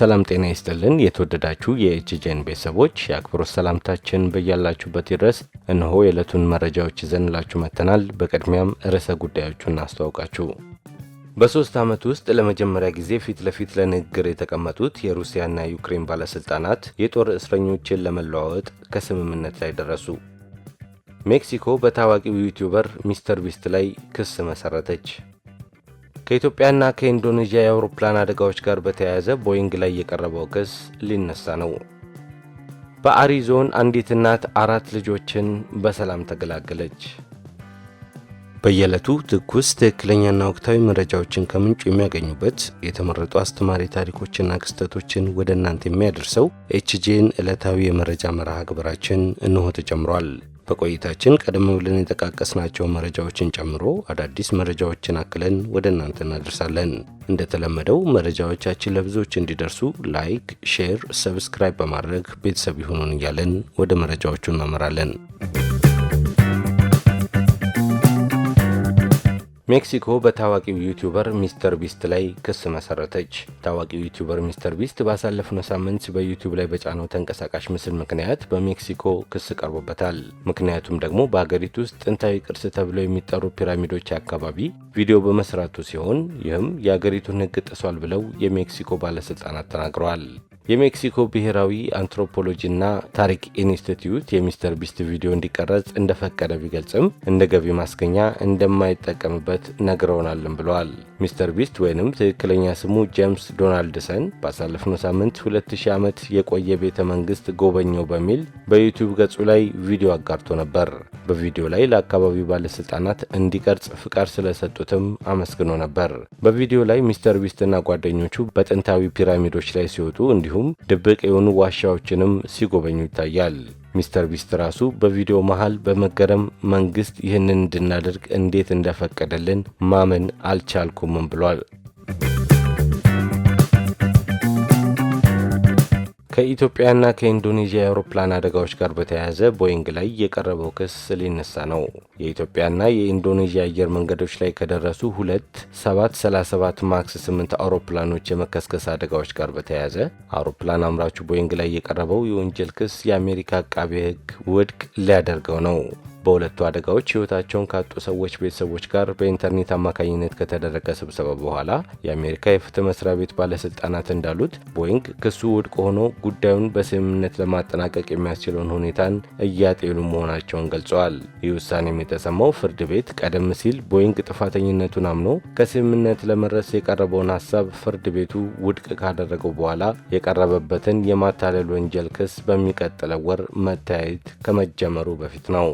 ሰላም ጤና ይስጥልን። የተወደዳችሁ የኤችጄን ቤተሰቦች የአክብሮት ሰላምታችን በያላችሁበት ይድረስ። እነሆ የዕለቱን መረጃዎች ይዘንላችሁ መጥተናል። በቅድሚያም ርዕሰ ጉዳዮቹን እናስተዋውቃችሁ። በሶስት ዓመት ውስጥ ለመጀመሪያ ጊዜ ፊት ለፊት ለንግግር የተቀመጡት የሩሲያና ዩክሬን ባለሥልጣናት የጦር እስረኞችን ለመለዋወጥ ከስምምነት ላይ ደረሱ። ሜክሲኮ በታዋቂው ዩቲዩበር ሚስተር ቢስት ላይ ክስ መሠረተች። ከኢትዮጵያና ከኢንዶኔዥያ የአውሮፕላን አደጋዎች ጋር በተያያዘ ቦይንግ ላይ የቀረበው ክስ ሊነሳ ነው። በአሪዞን አንዲት እናት አራት ልጆችን በሰላም ተገላገለች። በየዕለቱ ትኩስ ትክክለኛና ወቅታዊ መረጃዎችን ከምንጩ የሚያገኙበት የተመረጡ አስተማሪ ታሪኮችና ክስተቶችን ወደ እናንተ የሚያደርሰው ኤችጄን ዕለታዊ የመረጃ መርሃ ግብራችን እንሆ ተጀምሯል። በቆይታችን ቀደም ብለን የጠቃቀስናቸው መረጃዎችን ጨምሮ አዳዲስ መረጃዎችን አክለን ወደ እናንተ እናደርሳለን። እንደተለመደው መረጃዎቻችን ለብዙዎች እንዲደርሱ ላይክ፣ ሼር፣ ሰብስክራይብ በማድረግ ቤተሰብ ይሁኑን እያለን ወደ መረጃዎቹ እናመራለን። ሜክሲኮ በታዋቂው ዩቲዩበር ሚስተር ቢስት ላይ ክስ መሰረተች። ታዋቂው ዩቲዩበር ሚስተር ቢስት ባሳለፍነው ሳምንት በዩቲዩብ ላይ በጫነው ተንቀሳቃሽ ምስል ምክንያት በሜክሲኮ ክስ ቀርቦበታል። ምክንያቱም ደግሞ በሀገሪቱ ውስጥ ጥንታዊ ቅርስ ተብለው የሚጠሩ ፒራሚዶች አካባቢ ቪዲዮ በመስራቱ ሲሆን ይህም የሀገሪቱን ሕግ ጥሷል ብለው የሜክሲኮ ባለስልጣናት ተናግረዋል። የሜክሲኮ ብሔራዊ አንትሮፖሎጂና ታሪክ ኢንስቲትዩት የሚስተር ቢስት ቪዲዮ እንዲቀረጽ እንደፈቀደ ቢገልጽም እንደ ገቢ ማስገኛ እንደማይጠቀምበት ነግረውናልም ብለዋል። ሚስተር ቢስት ወይንም ትክክለኛ ስሙ ጄምስ ዶናልድሰን ባሳለፍነው ሳምንት 2000 ዓመት የቆየ ቤተ መንግስት ጎበኘው በሚል በዩቲዩብ ገጹ ላይ ቪዲዮ አጋርቶ ነበር። በቪዲዮ ላይ ለአካባቢው ባለሥልጣናት እንዲቀርጽ ፍቃድ ስለሰጡትም አመስግኖ ነበር። በቪዲዮ ላይ ሚስተር ቢስትና ጓደኞቹ በጥንታዊ ፒራሚዶች ላይ ሲወጡ እንዲሁም እንዲሁም ድብቅ የሆኑ ዋሻዎችንም ሲጎበኙ ይታያል። ሚስተር ቢስት ራሱ በቪዲዮ መሃል በመገረም መንግስት ይህንን እንድናደርግ እንዴት እንደፈቀደልን ማመን አልቻልኩምም ብሏል። ከኢትዮጵያና ከኢንዶኔዥያ የአውሮፕላን አደጋዎች ጋር በተያያዘ ቦይንግ ላይ የቀረበው ክስ ሊነሳ ነው። የኢትዮጵያና የኢንዶኔዥያ አየር መንገዶች ላይ ከደረሱ ሁለት 737 ማክስ 8 አውሮፕላኖች የመከስከስ አደጋዎች ጋር በተያያዘ አውሮፕላን አምራቹ ቦይንግ ላይ የቀረበው የወንጀል ክስ የአሜሪካ አቃቤ ሕግ ውድቅ ሊያደርገው ነው። በሁለቱ አደጋዎች ሕይወታቸውን ካጡ ሰዎች ቤተሰቦች ጋር በኢንተርኔት አማካኝነት ከተደረገ ስብሰባ በኋላ የአሜሪካ የፍትህ መስሪያ ቤት ባለስልጣናት እንዳሉት ቦይንግ ክሱ ውድቅ ሆኖ ጉዳዩን በስምምነት ለማጠናቀቅ የሚያስችለውን ሁኔታን እያጤኑ መሆናቸውን ገልጸዋል። ይህ ውሳኔም የተሰማው ፍርድ ቤት ቀደም ሲል ቦይንግ ጥፋተኝነቱን አምኖ ከስምምነት ለመድረስ የቀረበውን ሀሳብ ፍርድ ቤቱ ውድቅ ካደረገው በኋላ የቀረበበትን የማታለል ወንጀል ክስ በሚቀጥለው ወር መታየት ከመጀመሩ በፊት ነው።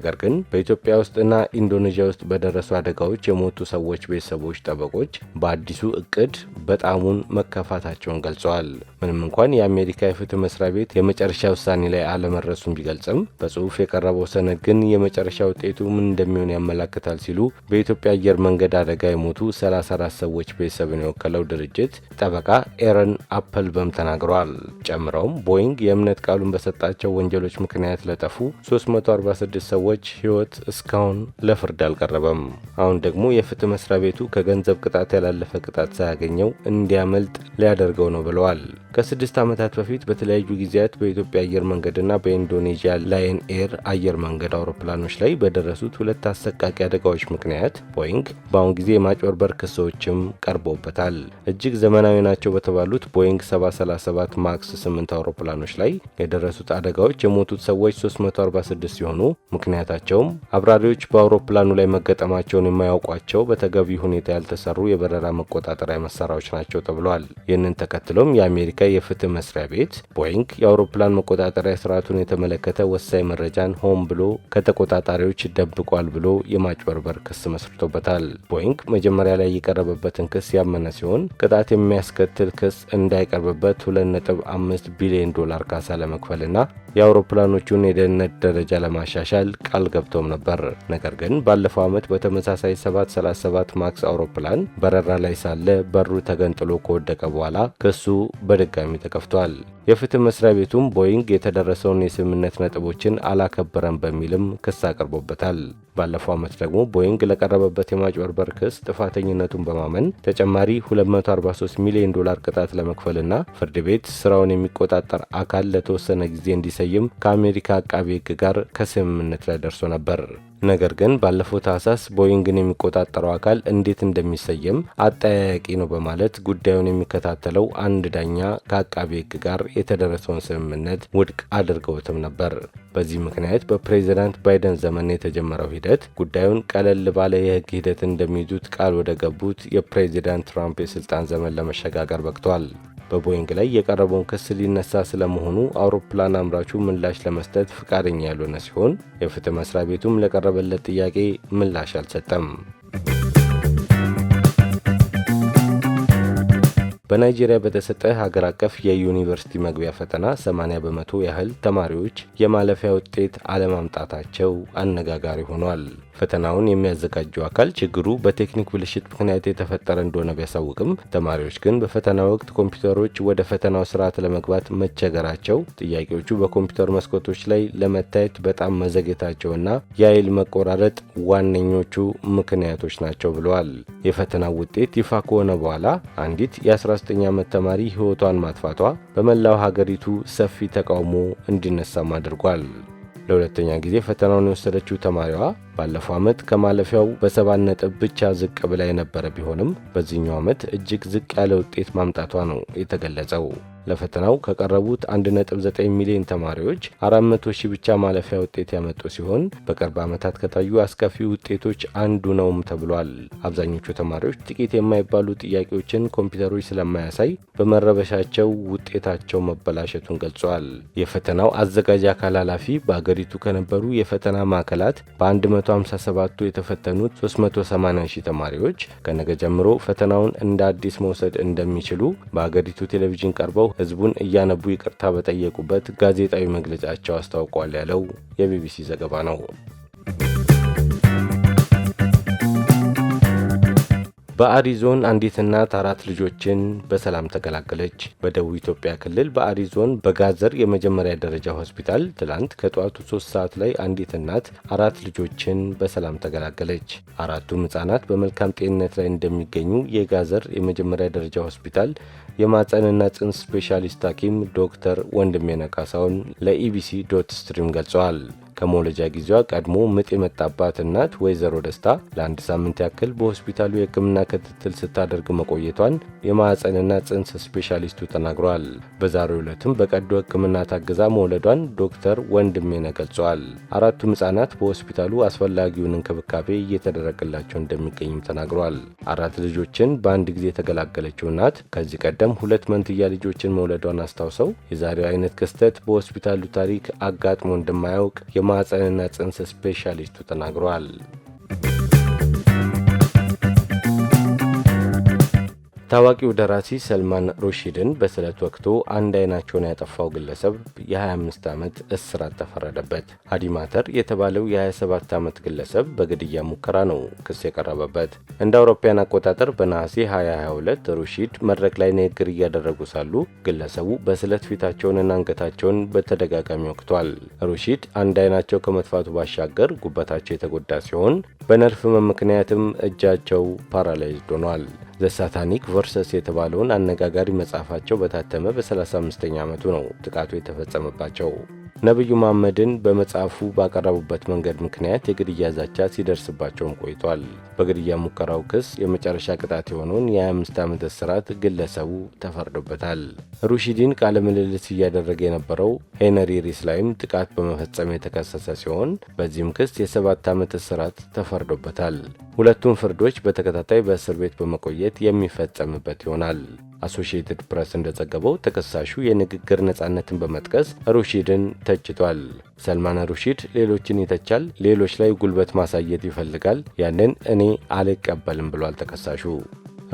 ነገር ግን በኢትዮጵያ ውስጥና ኢንዶኔዥያ ውስጥ በደረሱ አደጋዎች የሞቱ ሰዎች ቤተሰቦች ጠበቆች በአዲሱ እቅድ በጣሙን መከፋታቸውን ገልጸዋል። ምንም እንኳን የአሜሪካ የፍትህ መስሪያ ቤት የመጨረሻ ውሳኔ ላይ አለመድረሱን ቢገልጽም በጽሁፍ የቀረበው ሰነድ ግን የመጨረሻ ውጤቱ ምን እንደሚሆን ያመላክታል ሲሉ በኢትዮጵያ አየር መንገድ አደጋ የሞቱ 34 ሰዎች ቤተሰብን የወከለው ድርጅት ጠበቃ ኤረን አፕልበም ተናግረዋል። ጨምረውም ቦይንግ የእምነት ቃሉን በሰጣቸው ወንጀሎች ምክንያት ለጠፉ 346 ሰዎች ሰዎች ሕይወት እስካሁን ለፍርድ አልቀረበም። አሁን ደግሞ የፍትህ መስሪያ ቤቱ ከገንዘብ ቅጣት ያላለፈ ቅጣት ሳያገኘው እንዲያመልጥ ሊያደርገው ነው ብለዋል። ከስድስት ዓመታት በፊት በተለያዩ ጊዜያት በኢትዮጵያ አየር መንገድና በኢንዶኔዥያ ላየን ኤር አየር መንገድ አውሮፕላኖች ላይ በደረሱት ሁለት አሰቃቂ አደጋዎች ምክንያት ቦይንግ በአሁን ጊዜ የማጭበርበር ክሶችም ቀርቦበታል። እጅግ ዘመናዊ ናቸው በተባሉት ቦይንግ 737 ማክስ 8 አውሮፕላኖች ላይ የደረሱት አደጋዎች የሞቱት ሰዎች 346 ሲሆኑ ምክንያት ምክንያታቸውም አብራሪዎች በአውሮፕላኑ ላይ መገጠማቸውን የማያውቋቸው በተገቢ ሁኔታ ያልተሰሩ የበረራ መቆጣጠሪያ መሳሪያዎች ናቸው ተብሏል። ይህንን ተከትሎም የአሜሪካ የፍትህ መስሪያ ቤት ቦይንግ የአውሮፕላን መቆጣጠሪያ ስርዓቱን የተመለከተ ወሳኝ መረጃን ሆን ብሎ ከተቆጣጣሪዎች ይደብቋል ብሎ የማጭበርበር ክስ መስርቶበታል። ቦይንግ መጀመሪያ ላይ የቀረበበትን ክስ ያመነ ሲሆን ቅጣት የሚያስከትል ክስ እንዳይቀርብበት 2.5 ቢሊዮን ዶላር ካሳ ለመክፈልና የአውሮፕላኖቹን የደህንነት ደረጃ ለማሻሻል ቃል ገብቶም ነበር። ነገር ግን ባለፈው ዓመት በተመሳሳይ 737 ማክስ አውሮፕላን በረራ ላይ ሳለ በሩ ተገንጥሎ ከወደቀ በኋላ ክሱ በድጋሚ ተከፍቷል። የፍትህ መስሪያ ቤቱም ቦይንግ የተደረሰውን የስምምነት ነጥቦችን አላከበረም በሚልም ክስ አቅርቦበታል። ባለፈው ዓመት ደግሞ ቦይንግ ለቀረበበት የማጭበርበር ክስ ጥፋተኝነቱን በማመን ተጨማሪ 243 ሚሊዮን ዶላር ቅጣት ለመክፈልና ፍርድ ቤት ስራውን የሚቆጣጠር አካል ለተወሰነ ጊዜ እንዲሰይም ከአሜሪካ አቃቤ ሕግ ጋር ከስምምነት ላይ ደርሶ ነበር። ነገር ግን ባለፈው ታህሳስ ቦይንግን የሚቆጣጠረው አካል እንዴት እንደሚሰየም አጠያያቂ ነው በማለት ጉዳዩን የሚከታተለው አንድ ዳኛ ከአቃቢ ሕግ ጋር የተደረሰውን ስምምነት ውድቅ አድርገውትም ነበር። በዚህ ምክንያት በፕሬዚዳንት ባይደን ዘመን የተጀመረው ሂደት ጉዳዩን ቀለል ባለ የህግ ሂደት እንደሚይዙት ቃል ወደ ገቡት የፕሬዚዳንት ትራምፕ የስልጣን ዘመን ለመሸጋገር በቅቷል። በቦይንግ ላይ የቀረበውን ክስ ሊነሳ ስለመሆኑ አውሮፕላን አምራቹ ምላሽ ለመስጠት ፍቃደኛ ያልሆነ ሲሆን የፍትህ መስሪያ ቤቱም ለቀረበለት ጥያቄ ምላሽ አልሰጠም። በናይጄሪያ በተሰጠ ሀገር አቀፍ የዩኒቨርሲቲ መግቢያ ፈተና 80 በመቶ ያህል ተማሪዎች የማለፊያ ውጤት አለማምጣታቸው አነጋጋሪ ሆኗል። ፈተናውን የሚያዘጋጀው አካል ችግሩ በቴክኒክ ብልሽት ምክንያት የተፈጠረ እንደሆነ ቢያሳውቅም ተማሪዎች ግን በፈተና ወቅት ኮምፒውተሮች ወደ ፈተናው ስርዓት ለመግባት መቸገራቸው፣ ጥያቄዎቹ በኮምፒውተር መስኮቶች ላይ ለመታየት በጣም መዘግየታቸውና የኃይል መቆራረጥ ዋነኞቹ ምክንያቶች ናቸው ብለዋል። የፈተናው ውጤት ይፋ ከሆነ በኋላ አንዲት የ19 ዓመት ተማሪ ሕይወቷን ማጥፋቷ በመላው ሀገሪቱ ሰፊ ተቃውሞ እንዲነሳም አድርጓል። ለሁለተኛ ጊዜ ፈተናውን የወሰደችው ተማሪዋ ባለፈው ዓመት ከማለፊያው በሰባት ነጥብ ብቻ ዝቅ ብላ የነበረ ቢሆንም በዚህኛው ዓመት እጅግ ዝቅ ያለ ውጤት ማምጣቷ ነው የተገለጸው። ለፈተናው ከቀረቡት 1.9 ሚሊዮን ተማሪዎች 400 ሺህ ብቻ ማለፊያ ውጤት ያመጡ ሲሆን በቅርብ ዓመታት ከታዩ አስከፊ ውጤቶች አንዱ ነውም ተብሏል። አብዛኞቹ ተማሪዎች ጥቂት የማይባሉ ጥያቄዎችን ኮምፒውተሮች ስለማያሳይ በመረበሻቸው ውጤታቸው መበላሸቱን ገልጿል። የፈተናው አዘጋጅ አካል ኃላፊ በአገሪቱ ከነበሩ የፈተና ማዕከላት በ157ቱ የተፈተኑት 380 ሺህ ተማሪዎች ከነገ ጀምሮ ፈተናውን እንደ አዲስ መውሰድ እንደሚችሉ በአገሪቱ ቴሌቪዥን ቀርበው ህዝቡን እያነቡ ይቅርታ በጠየቁበት ጋዜጣዊ መግለጫቸው አስታውቋል ያለው የቢቢሲ ዘገባ ነው። በአሪ ዞን አንዲት እናት አራት ልጆችን በሰላም ተገላገለች። በደቡብ ኢትዮጵያ ክልል በአሪ ዞን በጋዘር የመጀመሪያ ደረጃ ሆስፒታል ትላንት ከጠዋቱ ሶስት ሰዓት ላይ አንዲት እናት አራት ልጆችን በሰላም ተገላገለች። አራቱም ህጻናት በመልካም ጤንነት ላይ እንደሚገኙ የጋዘር የመጀመሪያ ደረጃ ሆስፒታል የማፀንና ጽን ስፔሻሊስት ሐኪም ዶክተር ወንድሜ ነቃሳውን ለኢቢሲ ዶት ስትሪም ገልጸዋል። ከመውለጃ ጊዜዋ ቀድሞ ምጥ የመጣባት እናት ወይዘሮ ደስታ ለአንድ ሳምንት ያክል በሆስፒታሉ የሕክምና ክትትል ስታደርግ መቆየቷን የማዕፀንና ጽንስ ስፔሻሊስቱ ተናግሯል። በዛሬው ዕለትም በቀዶ ሕክምና ታግዛ መውለዷን ዶክተር ወንድሜነ ገልጿል። አራቱም ህጻናት በሆስፒታሉ አስፈላጊውን እንክብካቤ እየተደረገላቸው እንደሚገኝም ተናግሯል። አራት ልጆችን በአንድ ጊዜ የተገላገለችው እናት ከዚህ ቀደም ሁለት መንትያ ልጆችን መውለዷን አስታውሰው የዛሬው አይነት ክስተት በሆስፒታሉ ታሪክ አጋጥሞ እንደማያውቅ የማህፀንና ጽንስ ስፔሻሊስቱ ተናግረዋል። ታዋቂው ደራሲ ሰልማን ሩሺድን በስለት ወቅቱ አንድ አይናቸውን ያጠፋው ግለሰብ የ25 ዓመት እስራት ተፈረደበት። አዲማተር የተባለው የ27 ዓመት ግለሰብ በግድያ ሙከራ ነው ክስ የቀረበበት። እንደ አውሮፓውያን አቆጣጠር በነሐሴ 2022 ሩሺድ መድረክ ላይ ንግግር እያደረጉ ሳሉ ግለሰቡ በስለት ፊታቸውንና አንገታቸውን በተደጋጋሚ ወቅቷል። ሩሺድ አንድ አይናቸው ከመጥፋቱ ባሻገር ጉበታቸው የተጎዳ ሲሆን በነርፍ ምክንያትም እጃቸው ፓራላይዝድ ሆኗል። ዘሳታኒክ ቨርሰስ የተባለውን አነጋጋሪ መጽሐፋቸው በታተመ በ35ኛ ዓመቱ ነው ጥቃቱ የተፈጸመባቸው። ነቢዩ መሐመድን በመጽሐፉ ባቀረቡበት መንገድ ምክንያት የግድያ ዛቻ ሲደርስባቸውም ቆይቷል። በግድያ ሙከራው ክስ የመጨረሻ ቅጣት የሆነውን የ25 ዓመት እስራት ግለሰቡ ተፈርዶበታል። ሩሺዲን ቃለ ምልልስ እያደረገ የነበረው ሄነሪ ሪስ ላይም ጥቃት በመፈጸም የተከሰሰ ሲሆን በዚህም ክስ የሰባት ዓመት እስራት ተፈርዶበታል። ሁለቱም ፍርዶች በተከታታይ በእስር ቤት በመቆየት የሚፈጸምበት ይሆናል። አሶሺየትድ ፕሬስ እንደዘገበው ተከሳሹ የንግግር ነጻነትን በመጥቀስ ሩሺድን ተችቷል። ሰልማን ሩሺድ ሌሎችን ይተቻል፣ ሌሎች ላይ ጉልበት ማሳየት ይፈልጋል፣ ያንን እኔ አልቀበልም ብሏል ተከሳሹ።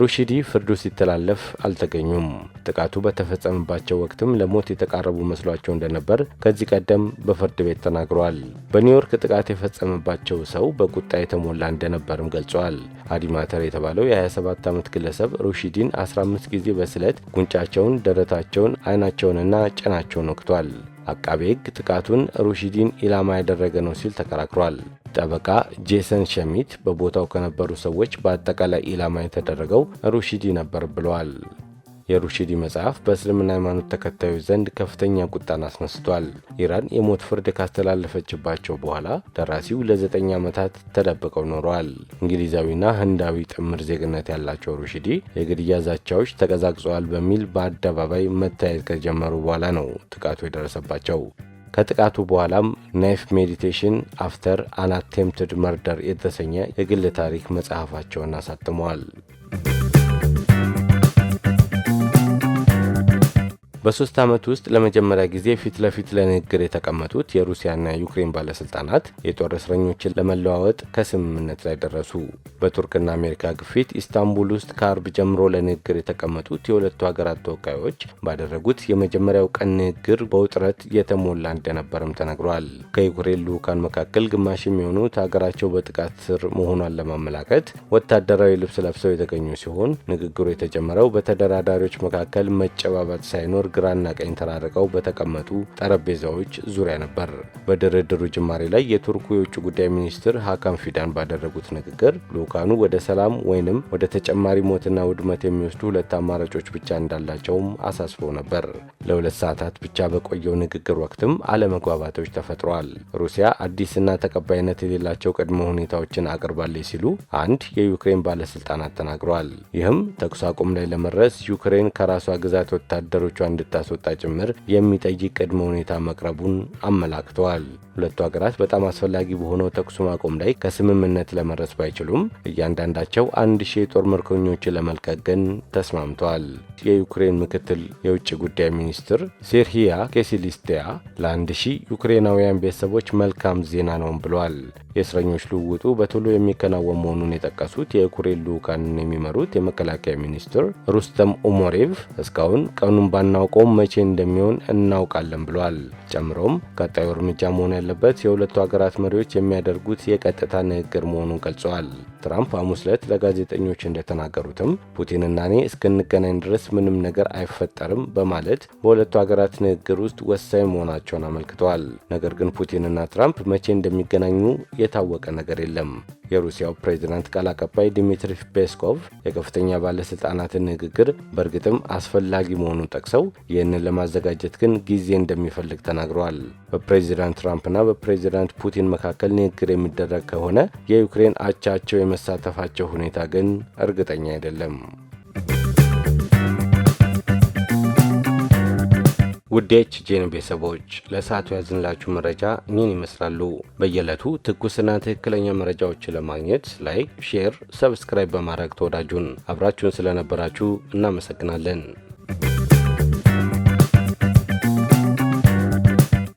ሩሺዲ ፍርዱ ሲተላለፍ አልተገኙም። ጥቃቱ በተፈጸመባቸው ወቅትም ለሞት የተቃረቡ መስሏቸው እንደነበር ከዚህ ቀደም በፍርድ ቤት ተናግሯል። በኒውዮርክ ጥቃት የፈጸመባቸው ሰው በቁጣ የተሞላ እንደነበርም ገልጿል። አዲማተር የተባለው የ27 ዓመት ግለሰብ ሩሺዲን 15 ጊዜ በስለት ጉንጫቸውን፣ ደረታቸውን፣ አይናቸውንና ጭናቸውን ወቅቷል። አቃቤ ሕግ ጥቃቱን ሩሺዲን ኢላማ ያደረገ ነው ሲል ተከራክሯል። ጠበቃ ጄሰን ሸሚት በቦታው ከነበሩ ሰዎች በአጠቃላይ ኢላማ የተደረገው ሩሺዲ ነበር ብለዋል። የሩሺዲ መጽሐፍ በእስልምና ሃይማኖት ተከታዮች ዘንድ ከፍተኛ ቁጣን አስነስቷል። ኢራን የሞት ፍርድ ካስተላለፈችባቸው በኋላ ደራሲው ለዘጠኝ ዓመታት ተደብቀው ኖረዋል። እንግሊዛዊና ህንዳዊ ጥምር ዜግነት ያላቸው ሩሺዲ የግድያ ዛቻዎች ተቀዛቅዘዋል በሚል በአደባባይ መታየት ከጀመሩ በኋላ ነው ጥቃቱ የደረሰባቸው። ከጥቃቱ በኋላም ናይፍ ሜዲቴሽን አፍተር አን አቴምፕትድ መርደር የተሰኘ የግል ታሪክ መጽሐፋቸውን አሳትመዋል። በሶስት ዓመት ውስጥ ለመጀመሪያ ጊዜ ፊት ለፊት ለንግግር የተቀመጡት የሩሲያና ዩክሬን ባለስልጣናት የጦር እስረኞችን ለመለዋወጥ ከስምምነት ላይ ደረሱ። በቱርክና አሜሪካ ግፊት ኢስታንቡል ውስጥ ከአርብ ጀምሮ ለንግግር የተቀመጡት የሁለቱ ሀገራት ተወካዮች ባደረጉት የመጀመሪያው ቀን ንግግር በውጥረት የተሞላ እንደነበርም ተነግሯል። ከዩክሬን ልዑካን መካከል ግማሽ የሚሆኑት ሀገራቸው በጥቃት ስር መሆኗን ለማመላከት ወታደራዊ ልብስ ለብሰው የተገኙ ሲሆን ንግግሩ የተጀመረው በተደራዳሪዎች መካከል መጨባበጥ ሳይኖር ግራና ቀኝ ተራርቀው በተቀመጡ ጠረጴዛዎች ዙሪያ ነበር። በድርድሩ ጅማሬ ላይ የቱርኩ የውጭ ጉዳይ ሚኒስትር ሀካም ፊዳን ባደረጉት ንግግር ልኡካኑ ወደ ሰላም ወይንም ወደ ተጨማሪ ሞትና ውድመት የሚወስዱ ሁለት አማራጮች ብቻ እንዳላቸውም አሳስበው ነበር። ለሁለት ሰዓታት ብቻ በቆየው ንግግር ወቅትም አለመግባባቶች ተፈጥረዋል። ሩሲያ አዲስና ተቀባይነት የሌላቸው ቅድመ ሁኔታዎችን አቅርባለች ሲሉ አንድ የዩክሬን ባለስልጣናት ተናግረዋል። ይህም ተኩስ አቁም ላይ ለመድረስ ዩክሬን ከራሷ ግዛት ወታደሮቿ እንድታስወጣ ጭምር የሚጠይቅ ቅድመ ሁኔታ መቅረቡን አመላክተዋል። ሁለቱ ሀገራት በጣም አስፈላጊ በሆነው ተኩስ ማቆም ላይ ከስምምነት ለመድረስ ባይችሉም እያንዳንዳቸው አንድ ሺህ የጦር ምርኮኞችን ለመልቀቅ ግን ተስማምተዋል። የዩክሬን ምክትል የውጭ ጉዳይ ሚኒስትር ሴርሂያ ኬሲሊስቲያ ለአንድ ሺህ ዩክሬናውያን ቤተሰቦች መልካም ዜና ነው ብሏል። የእስረኞች ልውውጡ በቶሎ የሚከናወን መሆኑን የጠቀሱት የዩክሬን ልዑካንን የሚመሩት የመከላከያ ሚኒስትር ሩስተም ኡሞሬቭ እስካሁን ቀኑን ባናው። ማቆም መቼ እንደሚሆን እናውቃለን ብሏል። ጨምሮም ቀጣዩ እርምጃ መሆን ያለበት የሁለቱ ሀገራት መሪዎች የሚያደርጉት የቀጥታ ንግግር መሆኑን ገልጸዋል። ትራምፕ ሐሙስ ዕለት ለጋዜጠኞች እንደተናገሩትም ፑቲንና እኔ እስክንገናኝ ድረስ ምንም ነገር አይፈጠርም በማለት በሁለቱ ሀገራት ንግግር ውስጥ ወሳኝ መሆናቸውን አመልክተዋል። ነገር ግን ፑቲንና ትራምፕ መቼ እንደሚገናኙ የታወቀ ነገር የለም። የሩሲያው ፕሬዝዳንት ቃል አቀባይ ዲሚትሪ ፔስኮቭ የከፍተኛ ባለስልጣናትን ንግግር በእርግጥም አስፈላጊ መሆኑን ጠቅሰው ይህንን ለማዘጋጀት ግን ጊዜ እንደሚፈልግ ተናግረዋል። በፕሬዚዳንት ትራምፕና በፕሬዚዳንት ፑቲን መካከል ንግግር የሚደረግ ከሆነ የዩክሬን አቻቸው የመሳተፋቸው ሁኔታ ግን እርግጠኛ አይደለም። ውዴች ጄን ቤተሰቦች ለሰዓቱ ያዝንላችሁ መረጃ እኚህን ይመስላሉ። በየዕለቱ ትኩስና ትክክለኛ መረጃዎችን ለማግኘት ላይክ፣ ሼር፣ ሰብስክራይብ በማድረግ ተወዳጁን አብራችሁን ስለነበራችሁ እናመሰግናለን።